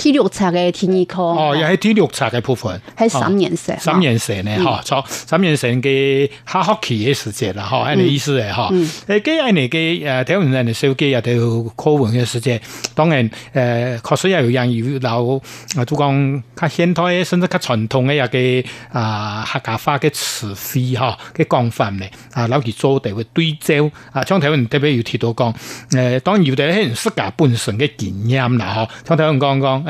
第六冊嘅第二課，哦，又係第六冊嘅部分，喺三年生。三年生呢？哈、啊，坐三年生嘅下學期嘅時節啦，嗬，係、嗯、呢、那個、意思嘅，哈、嗯。誒，今年嘅誒，台灣人嘅手機都有課文嘅時節，當然誒，確、呃、實又有引入到啊，珠江較現代，甚至較傳統嘅一個啊客家話嘅詞彙，嗬，嘅講法咧，啊，有時做地會對照啊，將台灣人特別要提到講，誒、呃，當然要對香港識噶本身嘅經驗啦，嗬，將台灣人講講。